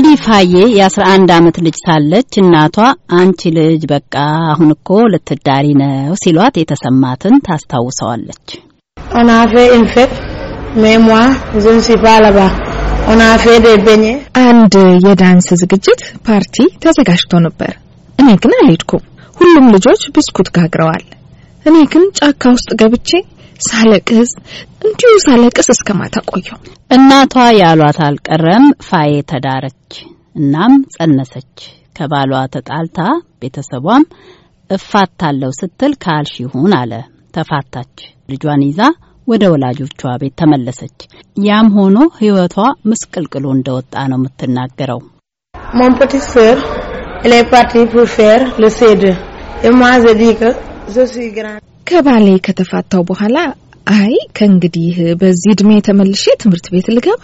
ታዲ ፋዬ የ11 ዓመት ልጅ ሳለች እናቷ አንቺ ልጅ በቃ አሁን እኮ ልትዳሪ ነው ሲሏት የተሰማትን ታስታውሰዋለች። አንድ የዳንስ ዝግጅት ፓርቲ ተዘጋጅቶ ነበር። እኔ ግን አልሄድኩም። ሁሉም ልጆች ብስኩት ጋግረዋል። እኔ ግን ጫካ ውስጥ ገብቼ ሳለቅስ እንዲሁ ሳለቅስ እስከ ማታ ቆየው። እናቷ ያሏት አልቀረም። ፋዬ ተዳረች፣ እናም ጸነሰች። ከባሏ ተጣልታ ቤተሰቧም እፋታለሁ ስትል ካልሽ ይሁን አለ። ተፋታች። ልጇን ይዛ ወደ ወላጆቿ ቤት ተመለሰች። ያም ሆኖ ህይወቷ ምስቅልቅሉ እንደወጣ ነው የምትናገረው። ከባሌ ከተፋታው በኋላ አይ ከእንግዲህ በዚህ እድሜ ተመልሼ ትምህርት ቤት ልገባ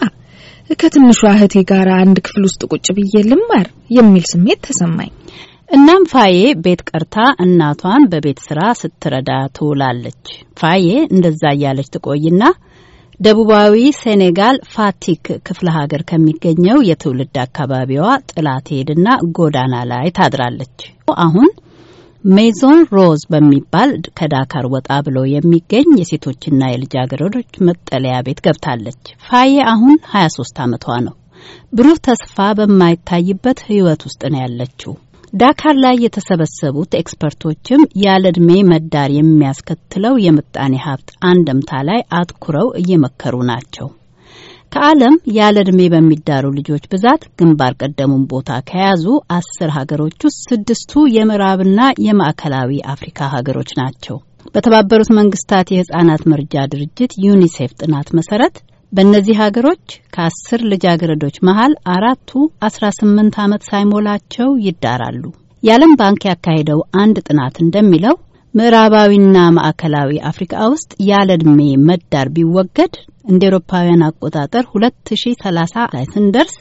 ከትንሿ እህቴ ጋር አንድ ክፍል ውስጥ ቁጭ ብዬ ልማር የሚል ስሜት ተሰማኝ። እናም ፋዬ ቤት ቀርታ እናቷን በቤት ስራ ስትረዳ ትውላለች። ፋዬ እንደዛ እያለች ትቆይና ደቡባዊ ሴኔጋል ፋቲክ ክፍለ ሀገር ከሚገኘው የትውልድ አካባቢዋ ጥላ ትሄድና ጎዳና ላይ ታድራለች። አሁን ሜዞን ሮዝ በሚባል ከዳካር ወጣ ብሎ የሚገኝ የሴቶችና የልጃገረዶች መጠለያ ቤት ገብታለች። ፋዬ አሁን 23 ዓመቷ ነው። ብሩህ ተስፋ በማይታይበት ሕይወት ውስጥ ነው ያለችው። ዳካር ላይ የተሰበሰቡት ኤክስፐርቶችም ያለ ዕድሜ መዳር የሚያስከትለው የምጣኔ ሀብት አንድምታ ላይ አትኩረው እየመከሩ ናቸው። ከዓለም ያለ ዕድሜ በሚዳሩ ልጆች ብዛት ግንባር ቀደሙን ቦታ ከያዙ አስር ሀገሮች ውስጥ ስድስቱ የምዕራብና የማዕከላዊ አፍሪካ ሀገሮች ናቸው። በተባበሩት መንግስታት የህጻናት መርጃ ድርጅት ዩኒሴፍ ጥናት መሰረት በእነዚህ ሀገሮች ከአስር ልጃገረዶች መሀል አራቱ አስራ ስምንት ዓመት ሳይሞላቸው ይዳራሉ። የዓለም ባንክ ያካሄደው አንድ ጥናት እንደሚለው ምዕራባዊና ማዕከላዊ አፍሪካ ውስጥ ያለ እድሜ መዳር ቢወገድ እንደ ኤሮፓውያን አቆጣጠር 2030 ላይ ስንደርስ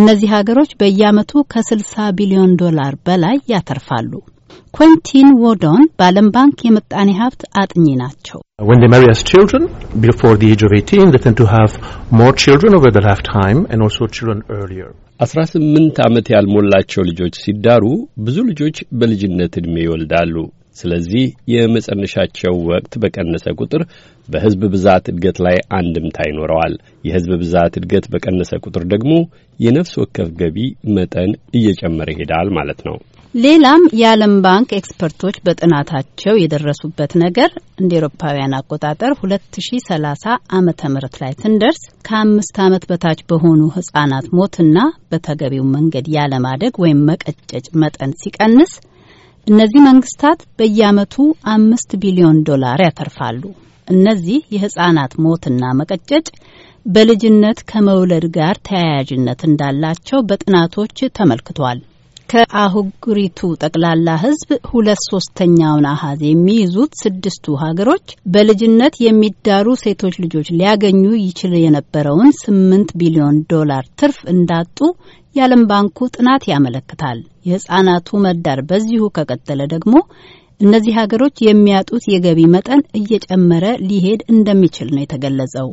እነዚህ ሀገሮች በየዓመቱ ከ60 ቢሊዮን ዶላር በላይ ያተርፋሉ። ኮንቲን ዎዶን በዓለም ባንክ የምጣኔ ሀብት አጥኚ ናቸው። አስራ ስምንት ዓመት ያልሞላቸው ልጆች ሲዳሩ ብዙ ልጆች በልጅነት ዕድሜ ይወልዳሉ። ስለዚህ የመጸነሻቸው ወቅት በቀነሰ ቁጥር በህዝብ ብዛት እድገት ላይ አንድምታ ይኖረዋል። የህዝብ ብዛት እድገት በቀነሰ ቁጥር ደግሞ የነፍስ ወከፍ ገቢ መጠን እየጨመረ ይሄዳል ማለት ነው። ሌላም የዓለም ባንክ ኤክስፐርቶች በጥናታቸው የደረሱበት ነገር እንደ ኤሮፓውያን አቆጣጠር 2030 ዓመተ ምህረት ላይ ስንደርስ ከአምስት ዓመት በታች በሆኑ ህጻናት ሞትና በተገቢው መንገድ ያለማደግ ወይም መቀጨጭ መጠን ሲቀንስ እነዚህ መንግስታት በየአመቱ አምስት ቢሊዮን ዶላር ያተርፋሉ። እነዚህ የህጻናት ሞትና መቀጨጭ በልጅነት ከመውለድ ጋር ተያያዥነት እንዳላቸው በጥናቶች ተመልክቷል። ከአህጉሪቱ ጠቅላላ ህዝብ ሁለት ሶስተኛውን አሀዝ የሚይዙት ስድስቱ ሀገሮች በልጅነት የሚዳሩ ሴቶች ልጆች ሊያገኙ ይችል የነበረውን ስምንት ቢሊዮን ዶላር ትርፍ እንዳጡ የዓለም ባንኩ ጥናት ያመለክታል። የህጻናቱ መዳር በዚሁ ከቀጠለ ደግሞ እነዚህ ሀገሮች የሚያጡት የገቢ መጠን እየጨመረ ሊሄድ እንደሚችል ነው የተገለጸው።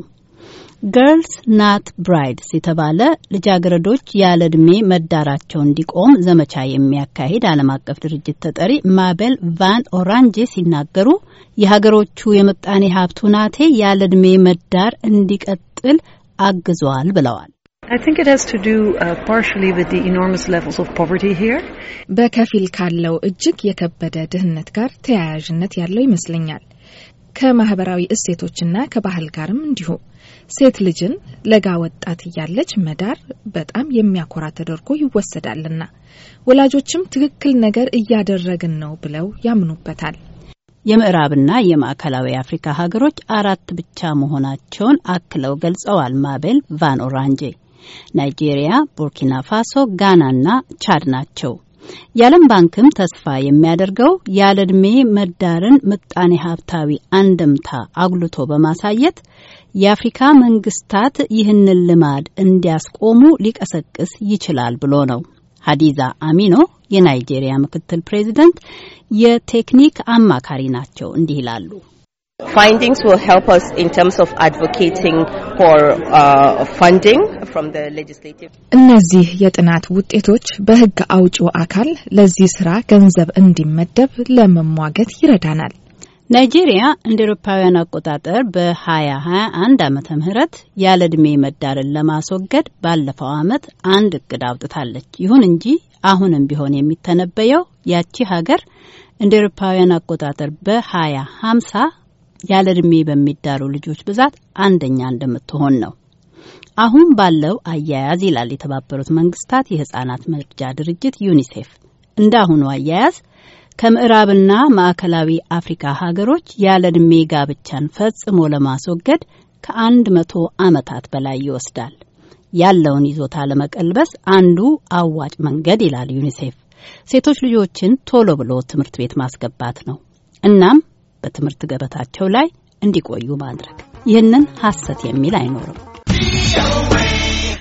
ገርልስ ናት ብራይድስ የተባለ ልጃገረዶች ያለ ዕድሜ መዳራቸው እንዲቆም ዘመቻ የሚያካሂድ ዓለም አቀፍ ድርጅት ተጠሪ ማቤል ቫን ኦራንጄ ሲናገሩ የሀገሮቹ የምጣኔ ሀብቱ ናቴ ያለ ዕድሜ መዳር እንዲቀጥል አግዟል ብለዋል። በከፊል ካለው እጅግ የከበደ ድህነት ጋር ተያያዥነት ያለው ይመስለኛል። ከማህበራዊ እሴቶችና ከባህል ጋርም እንዲሁ። ሴት ልጅን ለጋ ወጣት እያለች መዳር በጣም የሚያኮራ ተደርጎ ይወሰዳልና ወላጆችም ትክክል ነገር እያደረግን ነው ብለው ያምኑበታል። የምዕራብና የማዕከላዊ አፍሪካ ሀገሮች አራት ብቻ መሆናቸውን አክለው ገልጸዋል ማቤል ቫን ኦራንጄ። ናይጄሪያ፣ ቡርኪና ፋሶ፣ ጋናና ቻድ ናቸው። የዓለም ባንክም ተስፋ የሚያደርገው ያለ ዕድሜ መዳርን ምጣኔ ሀብታዊ አንድምታ አጉልቶ በማሳየት የአፍሪካ መንግስታት ይህንን ልማድ እንዲያስቆሙ ሊቀሰቅስ ይችላል ብሎ ነው። ሀዲዛ አሚኖ የናይጄሪያ ምክትል ፕሬዚደንት የቴክኒክ አማካሪ ናቸው። እንዲህ ይላሉ። እነዚህ የጥናት ውጤቶች በሕግ አውጪው አካል ለዚህ ስራ ገንዘብ እንዲመደብ ለመሟገት ይረዳናል። ናይጄሪያ እንደ ኤሮፓውያን አቆጣጠር በ2021 ዓመተ ምህረት ያለ ዕድሜ መዳርን ለማስወገድ ባለፈው ዓመት አንድ እቅድ አውጥታለች። ይሁን እንጂ አሁንም ቢሆን የሚተነበየው ያቺ ሀገር እንደ ኤሮፓውያን አቆጣጠር በ2050 ያለ ዕድሜ በሚዳሩ ልጆች ብዛት አንደኛ እንደምትሆን ነው። አሁን ባለው አያያዝ ይላል የተባበሩት መንግስታት የህጻናት መርጃ ድርጅት ዩኒሴፍ፣ እንደ አሁኑ አያያዝ ከምዕራብና ማዕከላዊ አፍሪካ ሀገሮች ያለ ዕድሜ ጋብቻን ፈጽሞ ለማስወገድ ከአንድ መቶ ዓመታት በላይ ይወስዳል። ያለውን ይዞታ ለመቀልበስ አንዱ አዋጭ መንገድ ይላል ዩኒሴፍ ሴቶች ልጆችን ቶሎ ብሎ ትምህርት ቤት ማስገባት ነው። እናም በትምህርት ገበታቸው ላይ እንዲቆዩ ማድረግ። ይህንን ሐሰት የሚል አይኖርም።